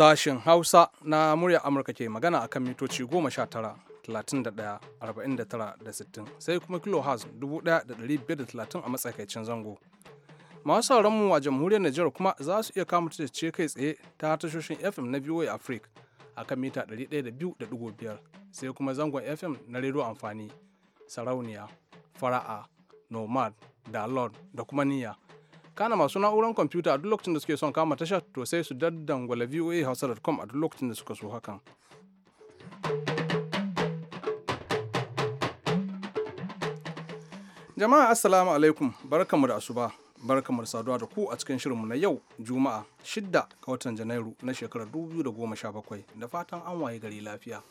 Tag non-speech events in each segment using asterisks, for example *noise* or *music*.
Sashen Hausa na murya Amurka ke magana a kan mitoci 19, sai kuma kilohaz 1,530 a matsakaicin zango. Masu mu a jamhuriyar Nijar kuma za su iya kama ce kai tsaye ta tashoshin FM na VOA Africa a kan mita 102.5 sai kuma zangon FM na rediyo amfani, sarauniya, fara'a, nomad, da lord da kuma niyya. kana masu na'urar kwamfuta a duk lokacin da suke son kama tasha to sai su daddangwala voa hausa.com a duk lokacin da suka so hakan jama'a assalamu alaikum barkanmu da asuba barkamu da saduwa da ku a cikin shirinmu na yau juma'a 6 ga watan janairu na shekarar 2017 da fatan an waye gari lafiya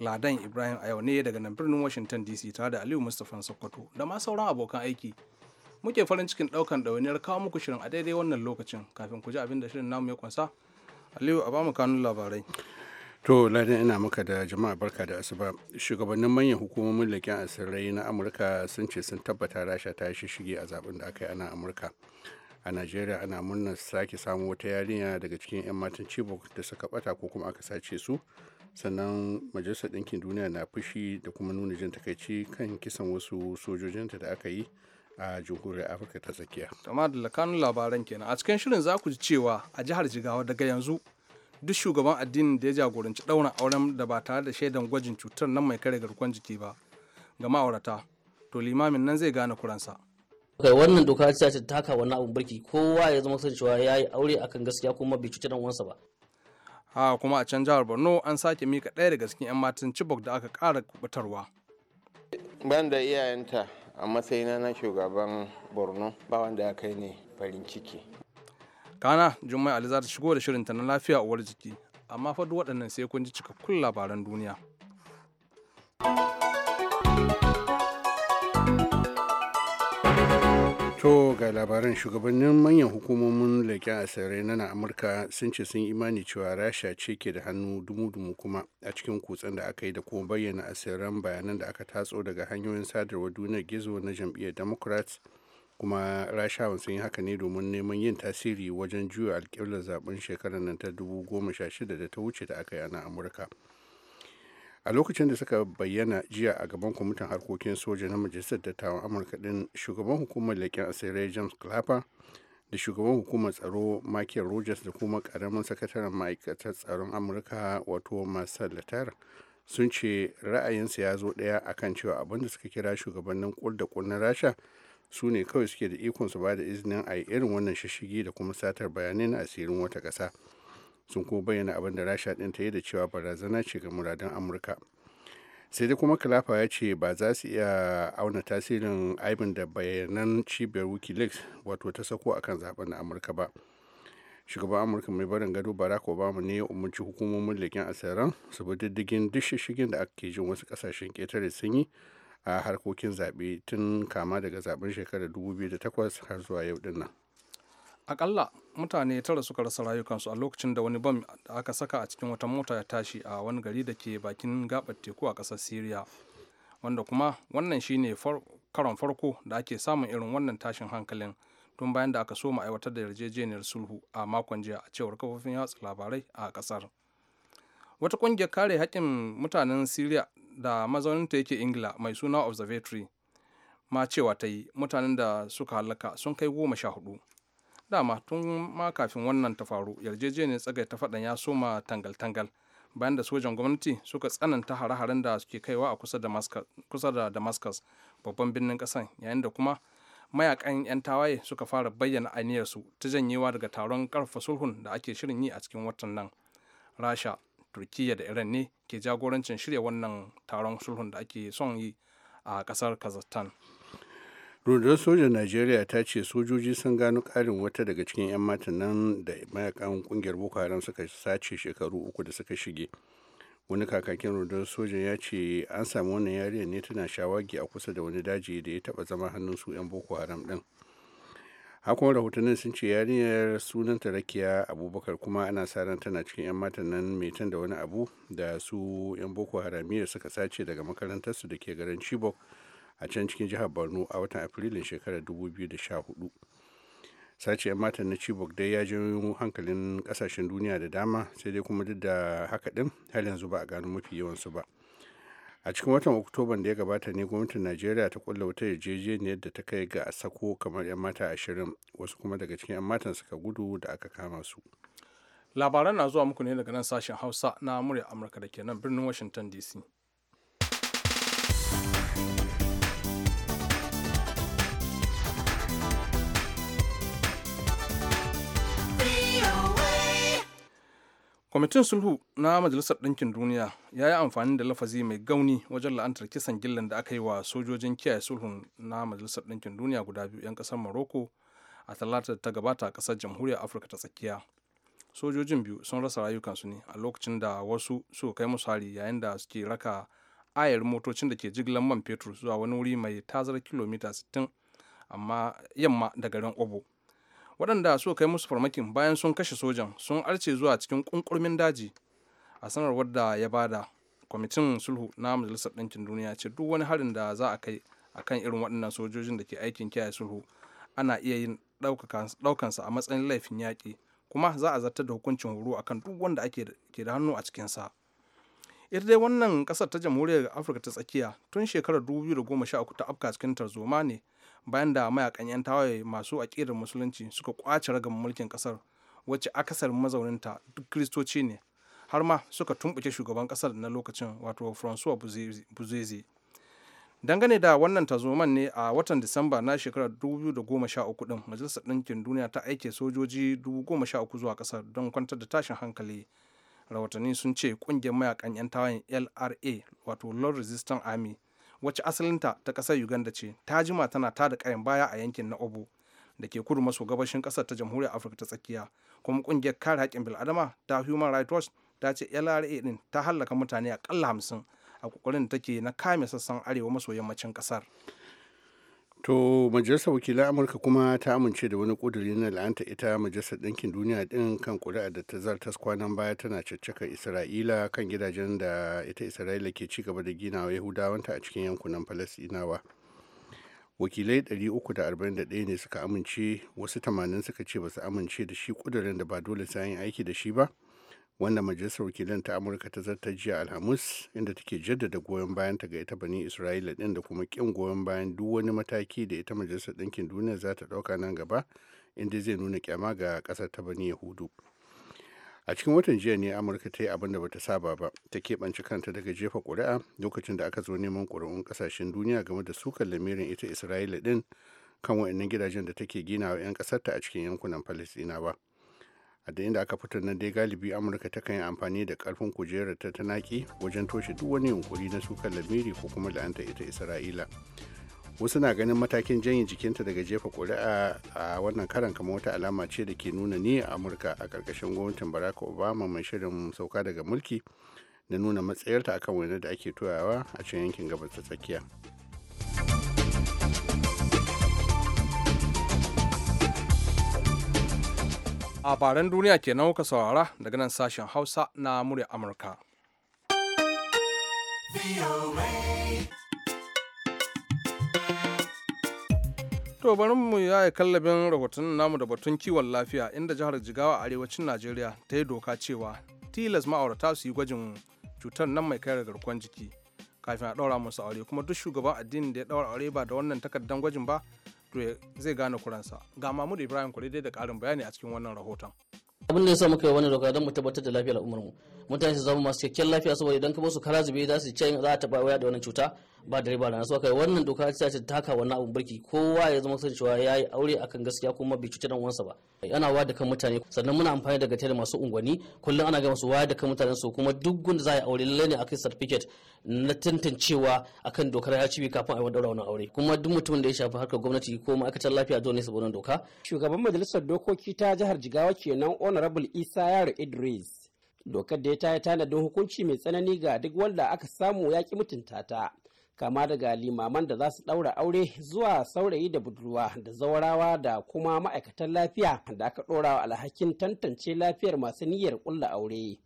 ladan ibrahim a yau ne daga nan birnin washington dc tare da aliyu mustapha sokoto da ma sauran abokan aiki muke farin cikin daukan ɗawainiyar kawo muku shirin a daidai wannan lokacin kafin ku ji abin da shirin namu ya kunsa aliyu a bamu kanun labarai to ladan ina maka da jama'a barka da asuba shugabannin manyan hukumomin leken asirai na amurka sun ce sun tabbata rasha ta shi shige a zaben da aka yi ana amurka a nigeria ana murnar sake samu wata yarinya daga cikin 'yan matan chibok da suka bata ko kuma aka sace su sannan majalisar ɗinkin duniya na fushi da kuma nuna jin takaici kan kisan wasu sojojinta da aka yi a jamhuriyar afirka ta tsakiya kama da lakanun labaran kenan a cikin shirin za ku ji cewa a jihar jigawa daga yanzu duk shugaban addinin da ya jagoranci ɗaurin auren da ba tare da shaidan gwajin cutar nan mai kare garkuwar jiki ba ga ma'aurata to limamin nan zai gane kuransa kai wannan doka ce ta taka wani abun barki kowa ya zama cewa ya yi aure akan gaskiya kuma bai cuci dan uwansa ba ha kuma a can jihar borno an sake mika ɗaya daga cikin 'yan matan cibok da aka ƙara kubutarwa ban da iyayenta a matsayina na shugaban borno ba wanda ya kai ne farin ciki kana jummai ali za ta shigo da shirinta na lafiya uwar jiki amma fa waɗannan sai kun ji cikakkun labaran duniya to ga labaran shugabannin manyan hukumomin leƙen asirai na na amurka sun ce sun imani cewa rasha ce ke da hannu dumu-dumu kuma a cikin kutsen da aka yi da kuma bayyana asiran bayanan da aka tatso daga hanyoyin sadarwar duniyar gizo na jam'iyyar democrats kuma rashawan sun yi haka ne domin neman yin tasiri wajen juya alƙiblar zaben shekarar nan ta 2016 da ta wuce da aka yi a amurka a lokacin da suka bayyana jiya a gaban kwamitin harkokin soja na majalisar dattawan amurka din shugaban hukumar leƙen asirai james clapper da shugaban hukumar tsaro michael rogers da kuma karamin sakataren ma'aikatar tsaron amurka wato marcel latar sun ce ra'ayinsa ya zo ɗaya kan cewa abin da suka kira shugabannin kul da na rasha su ne kawai suke da ikon su ba da izinin a irin wannan shishigi da kuma satar bayanai na asirin wata ƙasa sun kuma bayyana abin da rasha ɗin ta yi da cewa barazana ce ga muradun amurka sai dai kuma kalafa ya ce ba za su iya auna tasirin aibin da bayanan cibiyar wikileaks wato ta sako akan zaben na amurka ba shugaban amurka mai barin gado barack obama ne ya umarci hukumomin leƙen asiran su bi diddigin duk da ake jin wasu kasashen ƙetare sun yi a harkokin zaɓe tun kama daga zaben shekarar 2008 har zuwa yau dinnan. akalla mutane tara suka rasa rayukansu a lokacin da wani bam da aka saka a cikin wata mota ya tashi a wani gari da ke bakin gabar teku a ƙasar syria wanda kuma wannan shine karon farko da ake samun irin wannan tashin hankalin tun bayan da aka soma aiwatar da yarjejeniyar sulhu a makon jiya a cewar kafofin yatsa labarai a kasar. wata kungiyar kare haƙƙin mutanen syria da mazauninta yake ingila mai suna observatory ma cewa ta yi mutanen da suka halaka sun kai goma sha hudu dama tun ma kafin wannan ta faru yarjejeniyar tsagai ta faɗan ya soma tangal-tangal bayan da sojan gwamnati suka tsananta hare-haren da suke kaiwa a kusa da damascus babban birnin kasan yayin da kuma mayakan 'yan tawaye suka fara bayyana aniyarsu ta janyewa daga taron karfa sulhun da ake shirin yi a cikin watan nan rasha turkiyya da iran ne ke jagorancin shirya wannan taron sulhun da ake son yi a kasar kazakhstan rundunar sojan najeriya ta ce sojoji sun gano karin wata daga cikin 'yan matan nan da mayakan kungiyar boko haram suka sace shekaru uku da suka shige wani kakakin rundunar sojan ya ce an samu wannan yariyar ne tana shawagi a kusa da wani daji da ya taba zama hannun su 'yan boko haram din hakan rahotannin sun ce yarinyar sunan rakiya abubakar kuma ana sa ran tana cikin 'yan matan nan mai tun da wani abu da su 'yan boko haramiyar suka sace daga makarantarsu da ke garin chibok a can cikin jihar borno a watan afrilun shekarar 2014 sace 'yan matan na chibok dai ya janyo hankalin kasashen duniya da dama sai dai kuma duk da haka din har yanzu ba a gano mafi yawansu ba a cikin watan oktoban da ya gabata ne gwamnatin najeriya ta kulla wata yarjejeniyar da ta kai ga a sako kamar 'yan mata ashirin wasu kuma daga cikin 'yan matan suka gudu da aka kama su labaran na zuwa muku ne daga nan sashen hausa na murya amurka da ke nan birnin washington dc kwamitin sulhu na majalisar ɗinkin duniya ya yi amfani da lafazi mai gauni wajen la'antar kisan gillan da aka yi wa sojojin kiyaye sulhun na majalisar ɗinkin duniya guda biyu 'yan ƙasar morocco a talata ta gabata a ƙasar jamhuriyar afirka ta tsakiya sojojin biyu sun rasa rayukansu ne a lokacin da wasu suka kai musu hari yayin da suke raka ayar motocin da ke jigilar man fetur zuwa wani wuri mai tazarar kilomita 60 amma yamma da garin obo waɗanda so kai musu farmakin bayan sun kashe sojan sun arce zuwa cikin ƙunƙurmin daji a sanarwar da ya bada kwamitin sulhu na majalisar ɗinkin duniya ce duk wani harin da za a kai a kan irin waɗannan sojojin da ke aikin kiyaye sulhu ana iya yin ɗaukansa a matsayin laifin yaƙi kuma za a zartar da hukuncin horo a kan duk wanda ake ke da hannu a cikinsa ita dai wannan ƙasar ta jamhuriyar afirka ta tsakiya tun shekarar 2013 ta afka cikin tarzoma ne bayan da mayakan 'yan tawaye masu aƙidar musulunci suka kwace ragamin mulkin ƙasar wacce akasarin mazauninta duk kristoci ne har ma suka tumbuke shugaban ƙasar na lokacin wato francois buzeze dangane da wannan tazoman ne a watan disamba na shekarar 2013 din majalisar ɗinkin duniya ta aike sojoji 2013 zuwa kasar don kwantar da tashin hankali rahotanni sun ce kungiyar mayakan 'yan tawayen lra wato lord resistance army wacce asalinta ta ƙasar uganda ce ta jima tana da kayan baya a yankin na obo da ke kudu maso gabashin ƙasar ta jamhuriyar afirka ta tsakiya kuma ƙungiyar kare haƙƙin bil'adama ta human rights watch ta ce lra din ta hallaka mutane akalla hamsin a kokarin da take na kame sassan arewa maso yammacin ƙasar. To majalisar wakilan Amurka kuma ta amince da wani kuduri na la'anta ita majalisar ɗinkin duniya ɗin kan kuri'a da ta zartas kwanan baya tana caccakar Isra'ila kan gidajen da ita Isra'ila ke ci gaba da ginawa Yahudawanta a cikin yankunan Falasɗinawa. Wakilai 341 ne suka amince, wasu 80 suka ce ba su amince da shi kudurin da ba dole sayan aiki da shi ba. wanda majalisar wakilan ta amurka ta zarta jiya alhamis inda take jaddada goyon bayan ta ga ita bani isra'ila din da kuma kin goyon bayan duk wani mataki da ita majalisar ɗinkin duniya za ta ɗauka nan gaba inda zai nuna kyama ga ƙasar ta bani yahudu a cikin watan jiya ne amurka ta yi abin da bata saba ba ta keɓance kanta daga jefa ƙuri'a lokacin da aka zo neman ƙuri'un ƙasashen duniya game da sukan lamirin ita isra'ila din kan waɗannan gidajen da take ginawa 'yan ƙasarta a cikin yankunan ba. a da inda aka fito nan dai galibi amurka ta kan yi amfani da karfin kujerar ta tanaki wajen toshe duk wani yunkuri na sukar lamiri ko kuma la'anta ita isra'ila wasu na ganin matakin janyin jikinta daga jefa kuri'a a wannan karan kama wata alama ce da ke nuna ne a amurka a ƙarƙashin gwamnatin barack obama mai shirin sauka daga mulki na nuna matsayarta akan wani da ake toyawa a can yankin gabas ta tsakiya labaran duniya kenan kuka saurara daga nan sashen hausa na murya amurka To bari mu yaya kallabin rahoton namu da batun kiwon lafiya inda jihar Jigawa a arewacin Najeriya ta yi doka cewa tilas ma'aurata su yi gwajin cutar nan mai kare garkuwar jiki kafin a ɗaura musu aure kuma duk shugaban addinin da ya ɗaura aure ba da wannan takardar gwajin ba to zai gane kuransa ga mahmud ibrahim kwale dai da karin bayani a cikin wannan rahoton abin da ya sa muka yi wani lokacin don mu tabbatar da lafiyar al'ummar mu mutane su zama masu kyakkyawan lafiya saboda idan ka su kara zube za su ce za a taba waya da wannan cuta ba da riba rana kai wannan doka ta ce taka wannan abun burki kowa ya zama san ya yi aure akan gaskiya kuma bai cuci dan uwansa ba ana wayar da kan mutane sannan muna amfani da gatar masu unguwanni kullum ana ga masu wayar da kan mutane su kuma duk gunda za a yi aure lalle ne akai certificate na tantancewa akan dokar ya cibi kafin a yi daura wannan aure kuma duk mutumin da ya shafi harkar gwamnati ko ma'aikatar lafiya dole ne su doka shugaban majalisar dokoki ta jihar Jigawa kenan honorable Isa Yaro Idris dokar da ya taya tanadin hukunci mai tsanani ga duk wanda aka samu ya ki mutunta ta kama daga limaman da za su ɗaura aure zuwa saurayi da budurwa da zaurawa da kuma ma'aikatan lafiya da aka ɗora wa alhakin tantance lafiyar masu niyyar ƙulla aure.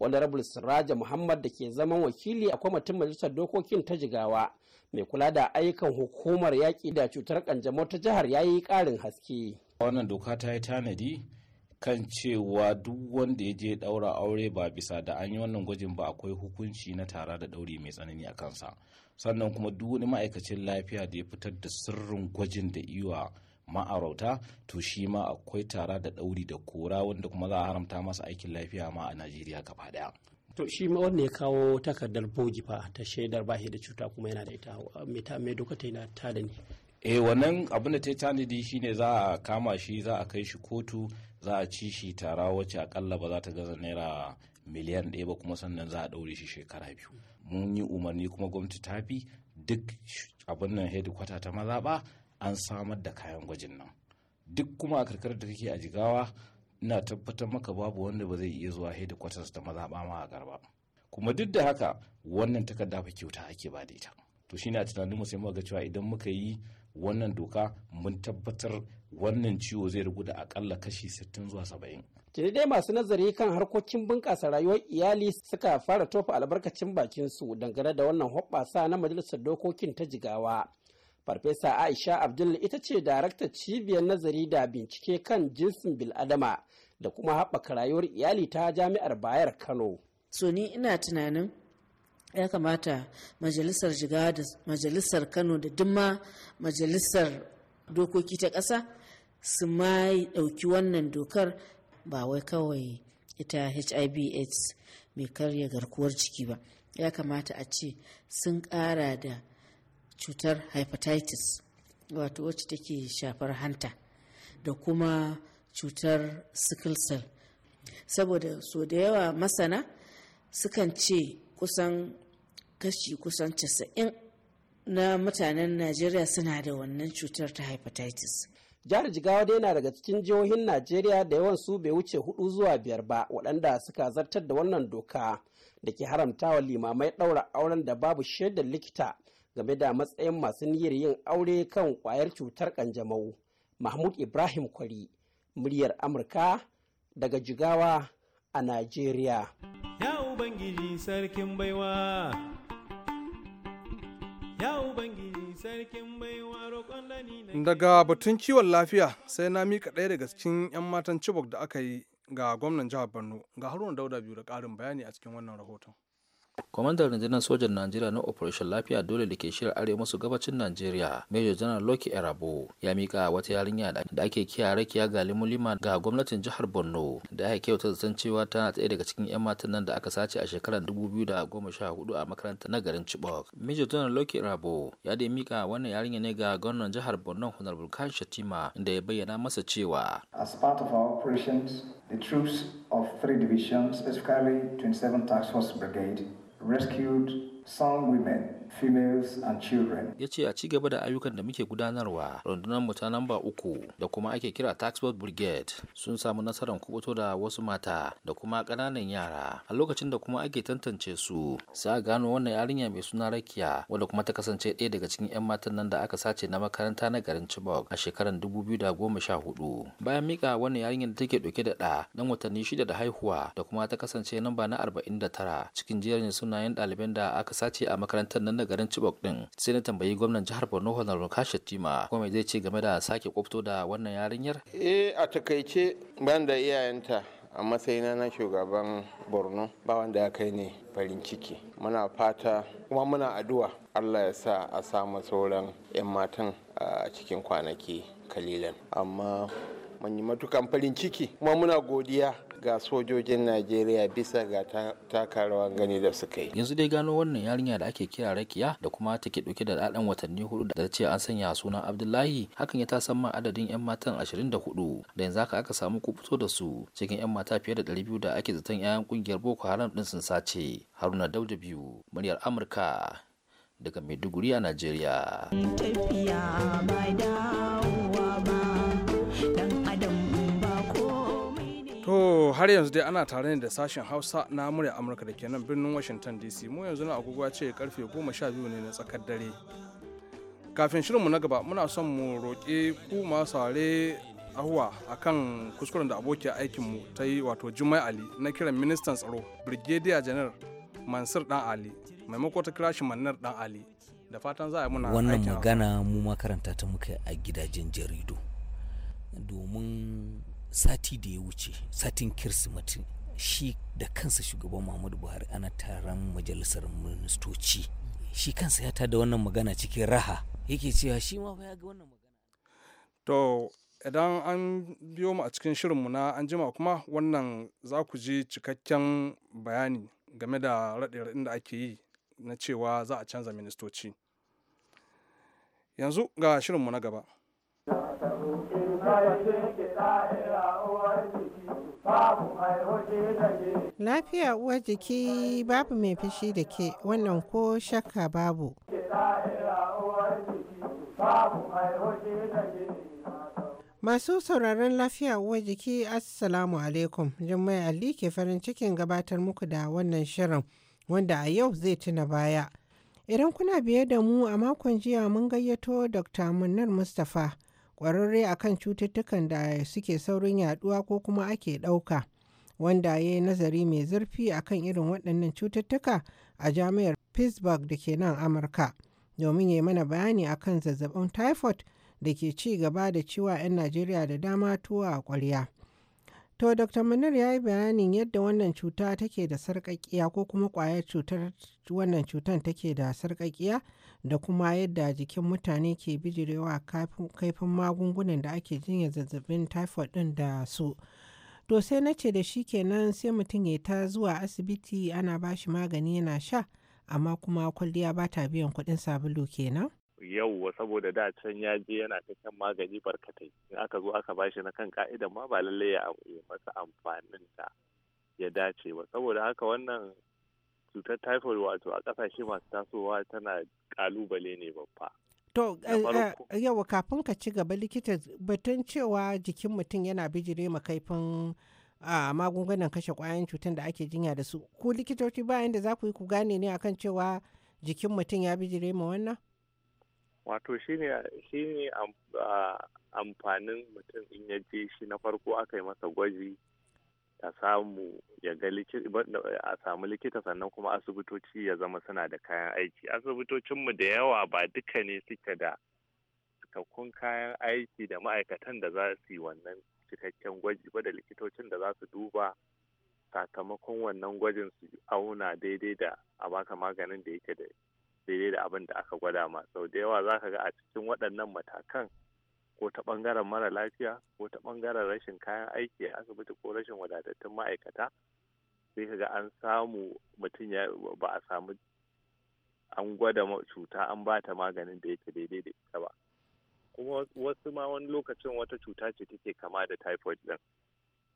rabul Siraja Muhammad da ke zaman wakili a kwamitin majalisar dokokin ta jigawa mai kula da ayyukan hukumar yaƙi da cutar kanjamau ta jihar ya yi ƙarin haske. Wannan doka ta yi tanadi kan cewa duk wanda ya je ɗaura aure ba bisa da an yi wannan gwajin ba akwai hukunci na tara da ɗauri mai tsanani a kansa. sannan kuma duk wani ma'aikacin lafiya da ya fitar da sirrin gwajin da iwa ma'arauta to shi ma akwai tara da ɗauri da kora wanda kuma za a haramta masa aikin lafiya ma a najeriya gaba daya to shi ma wanda ya kawo takardar bogi fa ta shaidar shi da cuta kuma yana da ita mai doka ta yana ta da ni e wannan abin da ta tanadi shine za a kama shi za a kai shi kotu za a ci shi tara wacce akalla ba za ta gaza naira miliyan ɗaya ba kuma sannan za a ɗaure shi shekara biyu mun yi umarni kuma gwamnati ta bi duk abin nan hedikwata ta mazaɓa an samar da kayan gwajin nan duk kuma a karkar da kake a jigawa ina tabbatar maka babu wanda ba zai iya zuwa hedikwatas ta mazaɓa ma a garba kuma duk da haka wannan takarda fa kyauta ake ba da ita to shine a tunanin mu sai muka cewa idan muka yi wannan doka mun tabbatar wannan ciwo zai rugu da akalla kashi 60 zuwa 70 Tuni masu nazari kan harkokin bunƙasa rayuwar iyali suka fara tofa albarkacin bakin su dangane da wannan hoɓɓasa na majalisar dokokin ta jigawa. Farfesa Aisha Abdul ita ce daraktar cibiyar nazari da bincike kan jinsin bil'adama da kuma haɓaka rayuwar iyali ta jami'ar Bayar Kano. So ni ina tunanin ya kamata majalisar jigawa da majalisar Kano da duma majalisar dokoki ta ƙasa su ma ɗauki wannan dokar ba wai kawai ita hiv aids mai karya garkuwar jiki ba ya kamata a ce sun ƙara da cutar hepatitis wato wacce take shafar hanta da kuma cutar sickle cell saboda so da yawa masana sukan ce kusan kashi kusan casa'in na mutanen najeriya suna da wannan cutar ta hepatitis jihar jigawa dai na daga cikin jihohin najeriya da yawan su bai wuce hudu zuwa biyar ba waɗanda suka zartar da wannan doka da ke haramtawa limamai ɗaura auren da babu shaidar likita game da matsayin masu niyyar yin aure kan kwayar cutar kanjamau mahmud ibrahim kwari muryar amurka daga jigawa a najeriya ya ubangiji sarkin baiwa ya ubangiji daga batun kiwon lafiya sai na mika ɗaya daga cikin 'yan matan chibok da aka yi ga gwamnan jihar borno ga haruna dauda biyu da ƙarin bayani a cikin wannan rahoton kwamandan rundunar sojan najeriya na operation lafiya dole da ke shirin arewa masu gabacin najeriya major general loki erabo ya mika wata yarinya da ake kiya rakiya ga mulima ga gwamnatin jihar borno da aka kyauta zaton cewa tana tsaye daga cikin yan matan nan da aka sace a shekarar 2014 a makarantar na garin chibok major general loki erabo ya da mika wannan yarinya ne ga gwamnan jihar borno honorable khan shatima inda ya bayyana masa cewa as part of our operations the troops of three divisions especially 27 task force brigade rescued some women, females and children. Ya ce a ci gaba da ayyukan da muke gudanarwa rundunar mu ta namba uku da kuma ake kira Taxport Brigade sun samu nasarar kubuto da wasu mata da kuma ƙananan yara a lokacin da kuma ake tantance su sai a gano wannan yarinya mai suna Rakiya wanda kuma ta kasance ɗaya daga cikin 'yan matan nan da aka sace na makaranta na garin Chibok a shekarar 2014. Bayan mika wannan yarinyar da take ɗauke da ɗa dan watanni shida da haihuwa da kuma ta kasance namba na 49 cikin jerin sunayen ɗaliban da aka sace a makarantar nan na garin Chibok din sai na tambayi gwamnan jihar Borno Honorable Kashi Tima ko mai zai ce game da sake kwafto da wannan yarinyar eh a takaice ban da iyayenta a matsayina na shugaban borno ba wanda ya kai ne farin ciki muna fata kuma muna addu'a allah ya sa a samu sauran 'yan matan a cikin kwanaki kalilan amma mun yi matukan farin ciki kuma muna godiya ga sojojin najeriya bisa ga taka gani da suka yi yanzu dai gano wannan yarinya da ake kira rakiya da kuma take dauke da ɗaɗan watanni hudu da ce an sanya sunan abdullahi hakan ya tasan ma adadin yan matan 24 da yanzu haka aka samu kubuto da su cikin yan mata fiye da 200 da ake zaton yayan kungiyar boko haram din sun sace haruna dauda biyu muryar amurka daga maiduguri a najeriya tafiya To har yanzu dai ana tare ne da sashen Hausa na murya Amurka da ke nan birnin Washington DC mu yanzu na agogo ce karfe goma sha biyu ne na tsakar dare. Kafin shirinmu na gaba muna son mu roƙe ku masu saurare ahuwa kan kuskuren da abokiyar aikinmu ta yi wato jumai Ali na kiran ministan tsaro Brigadier janar Mansur Dan Ali maimako ta kira shi Mannar Dan Ali da fatan za a yi muna wannan magana mu makaranta ta muka a gidajen jaridu domin sati da ya wuce satin kirsimati shi da kansa shugaban muhammadu buhari ana taron majalisar ministoci shi kansa ya tada wannan magana cikin raha yake cewa shi ma ya ga wannan magana to idan an biyo mu a cikin shirinmu na anjima kuma wannan za ku ji cikakken bayani game da raɗe-raɗin da ake yi na cewa za a canza ministoci yanzu ga shirinmu na gaba Lafiya uwar jiki babu mai fushi da ke wannan ko shakka babu. Masu sauraron lafiya uwar jiki Assalamu alaikum. Jummai Ali ke farin cikin gabatar muku da wannan shirin wanda a yau zai tuna baya. Idan kuna biye da mu a makon jiya mun gayyato Dr. Munnar Mustapha. kwararre akan cututtukan da suke saurin yaduwa ko kuma ake ɗauka wanda ya yi nazari mai zurfi akan irin waɗannan cututtuka a jami'ar pittsburgh da ke nan amurka domin ya yi mana bayani akan zazzabin typhoid da ke ci gaba da ciwa 'yan najeriya da dama tuwa a ƙwarya to dr munir ya yi bayanin yadda wannan cuta take da sarƙaƙiya ko kuma ƙwayar cutar wannan cutar take da sarƙaƙiya da kuma yadda jikin mutane ke bijirewa kaifin magungunan da ake jinya zazzabin typhoid ɗin da su. to sai na ce da shi kenan sai mutum ya ta zuwa asibiti ana ba shi magani yana sha amma kuma kwalliya ba ta biyan kuɗin sabulu kenan yauwa saboda da can ya je yana ta kan magani barkatai in aka zo aka bashi na kan ka'idan ma ba lallai ya masa amfanin ta ya dace ba saboda haka wannan cutar typhoid wato a kasashe masu tasowa tana kalubale ne babba To, eh, eh, yau kafin ka ci gaba likita batun cewa jikin mutum yana bijire makaifin a magungunan kashe kwayan cutar da ake jinya da su. Ku likitoci bayan da za ku yi ku gane ne akan cewa jikin mutum ya bijire ma wannan? Wato shi ne amfanin mutum in ya je shi na farko aka yi masa gwaji ta samu ya ga a samu likita sannan kuma asibitoci ya zama suna da kayan aiki asibitocinmu da yawa ba duka ne suke da cikakkun kayan aiki da ma'aikatan da za su yi wannan cikakken gwaji ba da likitocin da za su duba sakamakon wannan gwajin su auna daidai da a baka maganin da yake da daidai da abin da aka gwada ma da yawa za ka ga a cikin waɗannan matakan ko ta ɓangaren mara lafiya ko ta bangaren rashin kayan aiki a asibiti ko rashin wadatattun ma'aikata sai ka ga an samu mutum ya ba a samu an gwada cuta an ba ta maganin da yake daidai da ita ba kuma wasu ma wani lokacin wata cuta ce take kama da typhoid din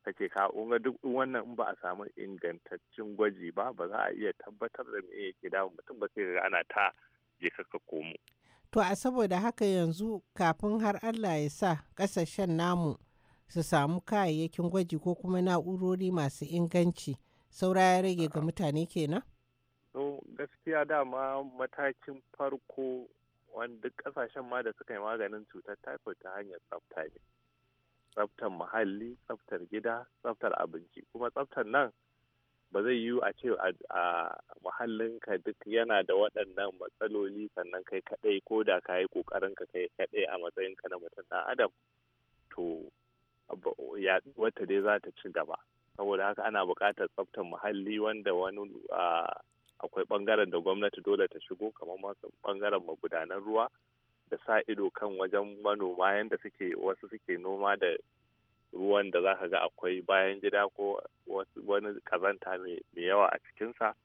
take ka unga duk wannan in ba a samu ingantaccen gwaji ba ba za a iya tabbatar da me yake damun mutum ba sai ga ana ta je kaka komo To a saboda haka yanzu kafin har Allah ya sa ƙasashen namu su samu kayayyakin gwaji ko kuma na'urori masu inganci saura ya rage ga mutane kenan? So gaskiya dama matakin farko wanda ƙasashen ma da suka yi maganin cutar typhoid ta hanyar tsafta ne. Tsaftar muhalli, tsaftar gida, tsaftar abinci, kuma tsaftar nan ba zai yiwu a ce a ka duk yana da waɗannan matsaloli sannan kai kaɗai ko da ka yi ƙoƙarin ka kai kaɗai a matsayin ka na mutum ɗan adam to wata dai za ta ci gaba saboda haka ana buƙatar tsaftar muhalli wanda wani akwai ɓangaren da gwamnati dole ta shigo kamar masu ɓangaren magudanan ruwa da sa ido kan wajen manoma yadda suke wasu suke noma da ruwan da za ka ga akwai bayan gida ko wani kazanta mai yawa a cikinsa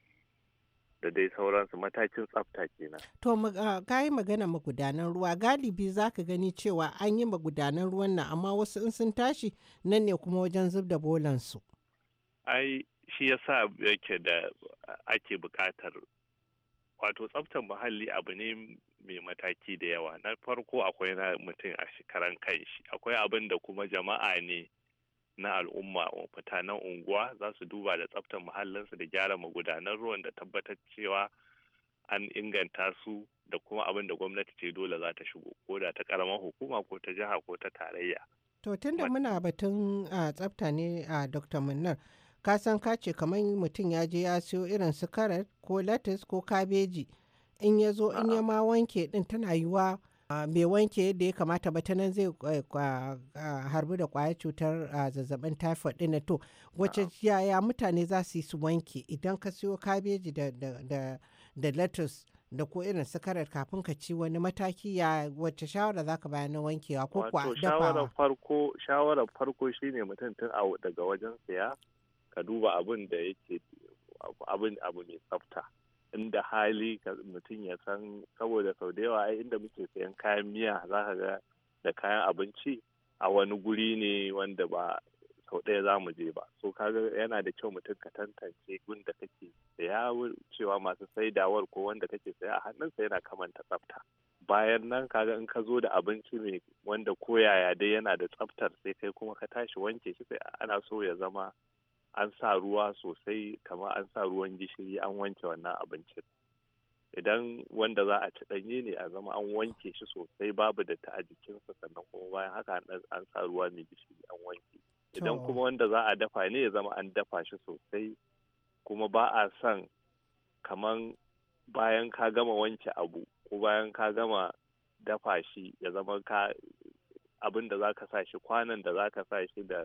da dai sauransu matakin tsafta kenan. To ka yi magana magudanan ruwa galibi za ka gani cewa an yi magudanan ruwan nan amma wasu in sun tashi nan ne kuma wajen zub da bolansu. Ai shi ya sa yake da ake bukatar wato tsaftar muhalli abu ne mai mataki da yawa na farko akwai na mutum a shekaran kanshi akwai abin da kuma jama'a ne na al'umma fitanen unguwa za su duba da tsaftar muhallinsu da gyara magudanan ruwan da tabbatar cewa an inganta su da kuma abin da gwamnati ce dole za ta shigo ko da ta karamar hukuma ko ta jiha ko ta tarayya. To tunda muna batun a tsafta ne a Dr. Munnar ka san ka ce kamar mutum ya je ya siyo irin su karat ko latas ko kabeji in ya zo in ya ma wanke din tana yiwa mai wanke yadda ya kamata ba ta nan zai eh, harbi da kwaya cutar zazzabin typhoid din to wacce yaya mutane za su yi su wanke idan ka siyo kabeji da lettuce da ko irin sakarar kafin ka ci wani mataki ya wacce shawara za ka bayan wankewa ko kuwa dafawa? farko shine mutum tun daga wajen siya ka duba abin da yake abu mai tsafta inda hali mutum ya san saboda sau da yawa inda muke sayan kayan miya za ka ga da kayan abinci a wani guri ne wanda ba sau ɗaya za mu je ba so kaga yana da kyau mutum ka tantance gunda kake saya cewa masu saidawar ko wanda kake saya a hannunsa yana kamanta tsafta bayan nan kaga in ka zo da abinci ne wanda koyaya dai yana da tsaftar sai kai kuma ka tashi wanke shi sai ana so ya zama an sa ruwa sosai kamar an sa ruwan gishiri an wanke wannan abincin idan wanda za a ci ɗanye ne a zama an wanke shi sosai babu da ta a jikinsa sannan kuma bayan haka an sa ruwa mai gishiri an wanke idan kuma wanda za a dafa ne ya zama an dafa shi sosai kuma ba a son kamar bayan ka gama wanke abu ko bayan ka gama dafa shi ya zama ka abin da za ka sa shi kwanan da za ka sa shi da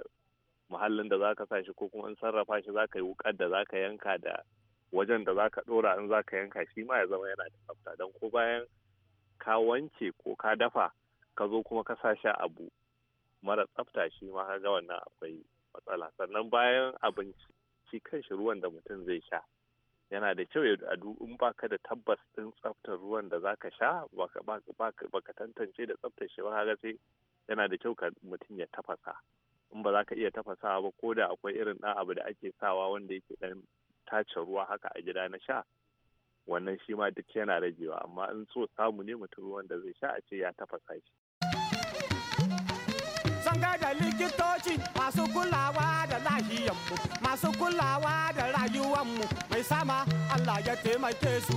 muhallin da zaka sa shi ko kuma in sarrafa shi zaka yi wukar da zaka yanka da wajen da zaka dora in zaka yanka shi ma ya zama yana da tsafta dan ko bayan ka wanke ko ka dafa ka zo kuma ka sa shi abu mara tsafta shi ma ga wannan akwai matsala sannan bayan abinci shi kanshi ruwan da mutum zai sha yana da kyau ya adu in baka da tabbas din tsaftar ruwan da zaka sha baka baka tantance da tsaftar shi ba ga sai yana da kyau ka mutum ya tafasa in ba za ka iya tafasawa ba ko da akwai irin ɗan abu da ake sawa wanda yake ɗan tace ruwa haka a gida na sha wannan shi ma duk yana ragewa amma in so samu ne mutum ruwan da zai sha a ce ya tafasa shi. Sanga da likitoci masu kulawa da lahiyanmu masu kulawa da rayuwanmu mai sama Allah ya taimake su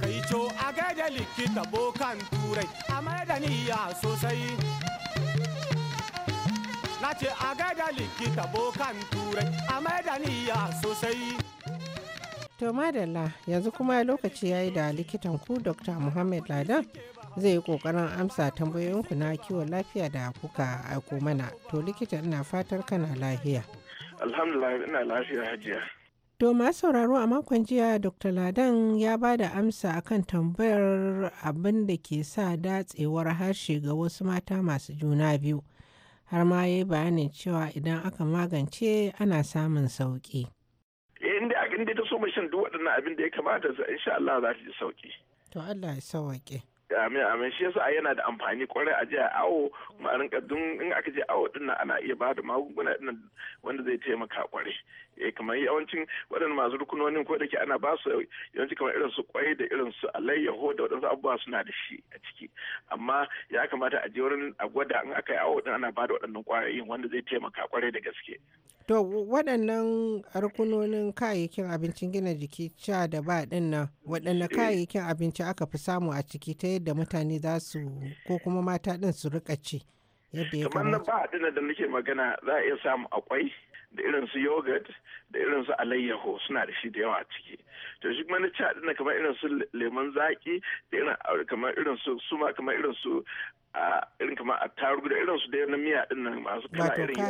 Kai co a gaida likita bokan turai a madaniya sosai na ce a gaida likita bokan turai a maidaniya sosai to madalla yanzu kuma lokaci ya yi da likitan ku dr muhammad ladan zai yi kokarin amsa tambayoyinku na kiwon lafiya da kuka aiko mana to likita ina fatar kana lafiya alhamdulillah ina lafiya hajiya To masu sauraro a makon jiya Dr. Ladan ya ba da amsa akan tambayar abin da ke sa datsewar harshe ga wasu mata masu juna biyu har ma ya yi bayanin cewa idan aka magance ana samun sauƙi. Eh, inda abin da ta so shan duk waɗannan abin da ya kamata su insha Allah za ta ji sauƙi. To Allah ya sauƙe. Amin amin shi yasa yana da amfani kwarai a jiya awo kuma a rinka dun in aka je awo ɗin ana iya ba da magunguna wanda zai taimaka kwarai Eh, kamar yawancin waɗannan masu rukunonin ko da ke ana ba su yawanci kamar irin su kwai da irin su alayyaho da waɗansu abubuwa suna da shi a ciki amma ya kamata a je wurin a gwada in aka yi awo din ana ba da waɗannan kwayoyin wanda zai taimaka kwarai da gaske. To waɗannan rukunonin kayayyakin abincin gina jiki ca da ba ɗin nan waɗanne eh. kayayyakin abinci aka fi samu a ciki ta yadda mutane za su ko kuma mata ɗin su rika ci. Kamar na ba ɗin da nake magana za a iya samu akwai da irin su yogurt da irin su alayyaho suna da shi da yawa a ciki to shi kuma na ci na kamar irin su lemon zaki da irin ah, kamar irin su suma kamar irin su a ah, irin kamar a tarugu da irin su da na miya din nan masu kala irin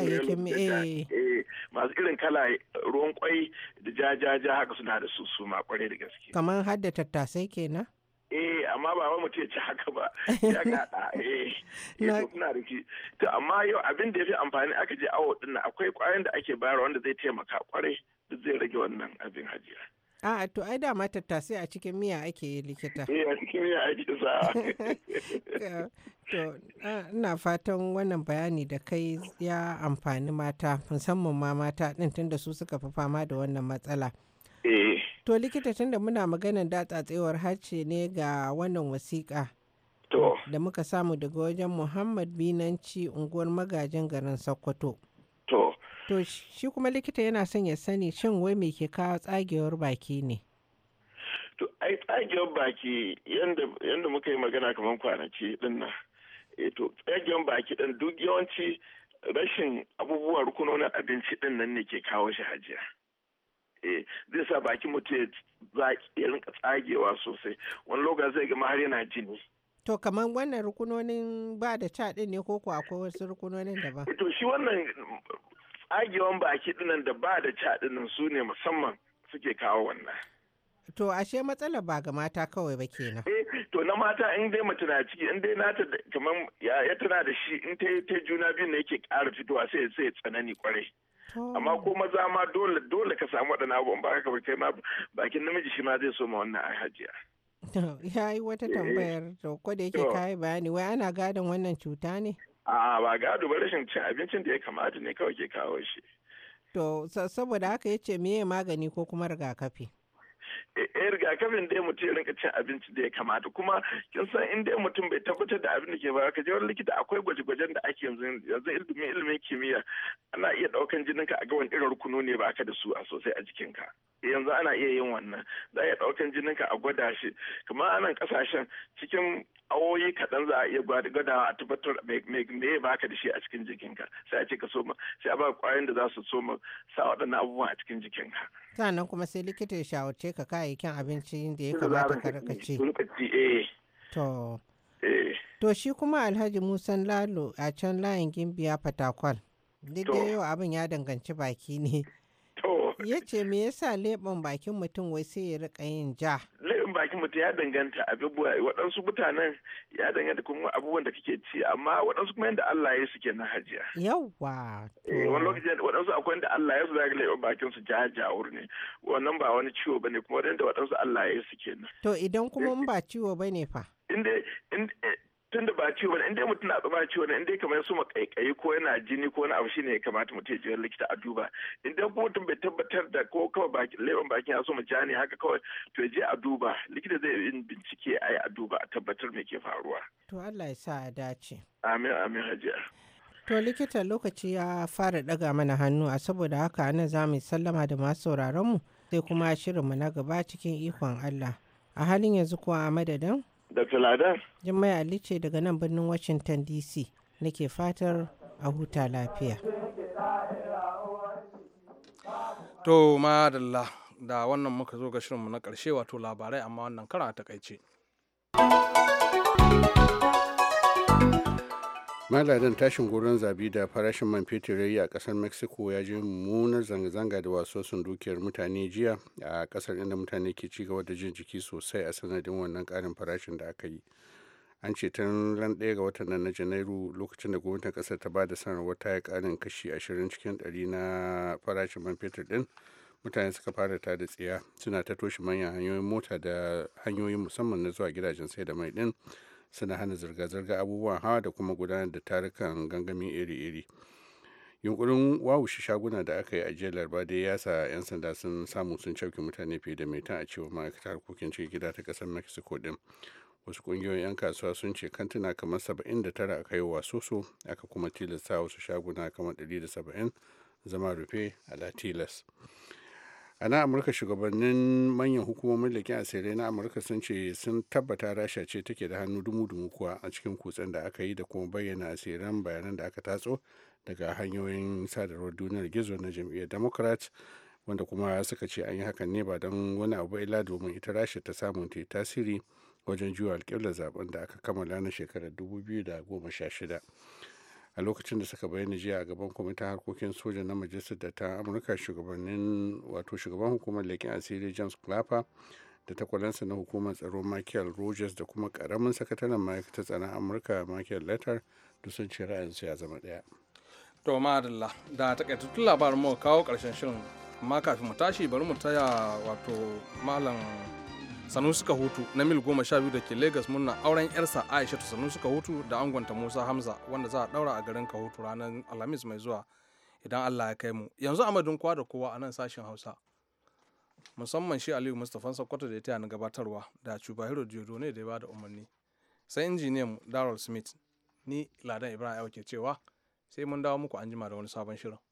eh. Eh, masu irin kala eh, ruwan kwai da ja ja ja haka suna da su suma kwarai da gaske kamar hadda tattasai kenan eh amma ba wai mutum ci haka ba *laughs* ya da eh, eh na riki to amma yau abin da ya fi amfani aka je awo din akwai kwayan da ake bayarwa wanda zai taimaka kwarai duk zai rage wannan abin hajiya A'a to ai da ta sai a cikin miya ake likita. Eh a cikin miya ake sa. *laughs* To ina fatan wannan bayani da kai ya amfani mata musamman ma mata din tunda su suka fi fama da wannan matsala. Eh. To likita tunda muna maganar datsatsewar harce ne ga wannan wasiƙa. Da muka samu daga wajen Muhammad Binanci unguwar magajin garin Sokoto. To. To shi kuma likita yana son ya sani shin wai me ke kawo tsagewar baki ne? To ai tsagewar baki yadda muka yi magana kamar kwanaki din nan. E to tsagewar baki din duk yawanci rashin abubuwan rukunonin abinci din nan ne ke kawo shi hajiya. Eh, zai sa baki mutum ya rinka tsagewa sosai wani lokaci zai gama har yana jini To kamar wannan rukunonin ba da ca ɗin ne ko kuwa akwai wasu rukunonin da ba? To shi wannan tsagewan baki dinan da ba da ca ɗinan su ne musamman suke kawo wannan. To ashe matsalar ba ga mata kawai ba kenan. Eh to na mata in dai mace na ciki in dai nata kamar ya tana da shi in ta ta juna biyu ne yake ƙara fitowa sai sai tsanani kwarai. Amma ko maza ma dole dole ka samu waɗannan abubuwan ba ka kai ma bakin namiji shi ma zai so ma wannan ai hajiya. *laughs* Ya yi wata eh. tambayar to ko da yake kai bayani wai ana gadon wannan cuta ne? A'a ba gado ba rashin cin abincin da ya kamata ne kawai ke kawo shi. To saboda haka ya ce meye magani ko kuma rigakafi? yan eh, rigakafin dai mutum ya rinka cin abinci da ya kamata kuma kin san in dai mutum bai tabbatar da abin da ke ba ka je wani likita akwai gwaje-gwajen da ake yanzu yanzu ilimin ilimin kimiyya ana iya daukan ka a ga irin rukunu ne ba ka da su a sosai a jikinka eh, yanzu ana iya yin wannan za a iya daukan ka a gwada shi kamar anan kasashen cikin awoyi kaɗan za a iya gwada a tabbatar me ya baka da shi a cikin jikinka sai a ce ka soma sai a ba kwayoyin da za su soma sa waɗannan abubuwa a cikin jikinka. sannan kuma sai likita ya shawarce ka kayayyakin abinci da ya kamata ka raka ci eh. Eh. to shi kuma alhaji Musa lalo a can layin gimbiya fatakwal duk yau abin ya danganci baki ne ya ce me yasa leɓen bakin mutum wai sai ya rika yin ja buɗin bakin mutum ya danganta abubuwa waɗansu mutanen ya danganta kuma abubuwan da kake ci amma waɗansu kuma yadda Allah ya suke na hajiya. Yawwa. Eh, wani lokaci waɗansu akwai yadda Allah ya su zaka leɓen bakin su jajawur ne wannan ba wani ciwo bane kuma yadda waɗansu Allah ya suke na. To idan kuma eh. ba ciwo bane fa. Inde tun da ba ciwo bane in dai mutum na ba ciwo ne in dai kamar su kaikayi ko yana jini ko wani abu shine ya kamata mutum ya je likita a duba in dai mutum bai tabbatar da ko kawai baki bakin ya so mu jani haka kawai to ya je a duba likita zai yi bincike ai a duba a tabbatar me ke faruwa to Allah ya sa a dace amin amin hajiya To likita lokaci ya fara daga mana hannu a saboda haka ana za mu sallama da masu mu sai kuma shirin mu na gaba cikin ikon Allah. A halin yanzu kuwa a madadin Dr. Ladar. Jummai Ali ce daga nan birnin Washington DC nake fatar a huta lafiya. To madalla da wannan muka zo ga shirinmu na ƙarshe wato labarai amma wannan kara a takaice. maladan tashin goron zabi da farashin man fetur yayi a kasar mexico ya ji mummunar zanga-zanga da wasosin dukiyar mutane jiya a kasar inda mutane ke ci gaba da jin jiki sosai a sanadin wannan karin farashin da aka yi an ce tun ran ɗaya ga watan nan na janairu lokacin da gwamnatin kasar ta ba da sanarwar ta yi karin kashi 20 cikin ɗari na farashin man fetur din mutane suka fara ta da tsiya suna ta toshe manyan hanyoyin mota da hanyoyin musamman na zuwa gidajen sai da mai din suna hana zirga-zirga abubuwan hawa da kuma gudanar da tarukan gangamin iri-iri yunkurin wawushi shaguna da aka yi a jiya ba dai ya sa 'yan sanda sun samu sun cauke mutane fiye da metan a cewa ma'aikata harkokin cikin gida ta kasar mexico din wasu kungiyoyin 'yan kasuwa sun ce kantuna kamar saba'in 79 aka yi wa soso aka kuma tilasta wasu shaguna kamar 170 zama rufe a latilas. a na amurka shugabannin manyan hukumomin ke asirai na amurka sun ce sun tabbata rasha ce take da hannu dumu-dumu kuwa a cikin kutsen da aka yi da kuma bayyana asiran bayanan da aka tatso daga hanyoyin sadarwar duniyar gizo na jam'iyyar democrat wanda kuma suka ce an yi hakan ne ba don wani abu ila domin ita rasha ta samun ta tasiri wajen juya alƙiblar zaben da aka kammala na shekarar 2016 a lokacin da suka bayyana jiya a gaban kwamitin harkokin soja na majalisar da ta amurka shugabannin wato shugaban hukumar leƙin asiri james clapper da takwalansa na hukumar tsaro michael rogers da kuma karamin sakataren ma'aikatar tsaron amurka michael letter da sun ce ra'ayinsu ya zama ɗaya. to madalla da takaitattun labarin mu kawo ƙarshen shirin amma kafin mu tashi bari mu taya wato malam sanusuka hutu na mil goma sha biyu da ke lagos murna auren yarsa aisha ta sanusuka hutu da angonta musa hamza wanda za a daura a garin kahutu ranar alhamis mai zuwa idan allah ya kai mu yanzu amadun kowa da kowa a nan sashen hausa musamman shi aliyu mustapha sakkwato da ya taya na gabatarwa da cubahiro diodo ne da ya bada umarni sai injiniyan mu darrell smith ni ladan ibrahim ke cewa sai mun dawo muku anjima da wani sabon shirin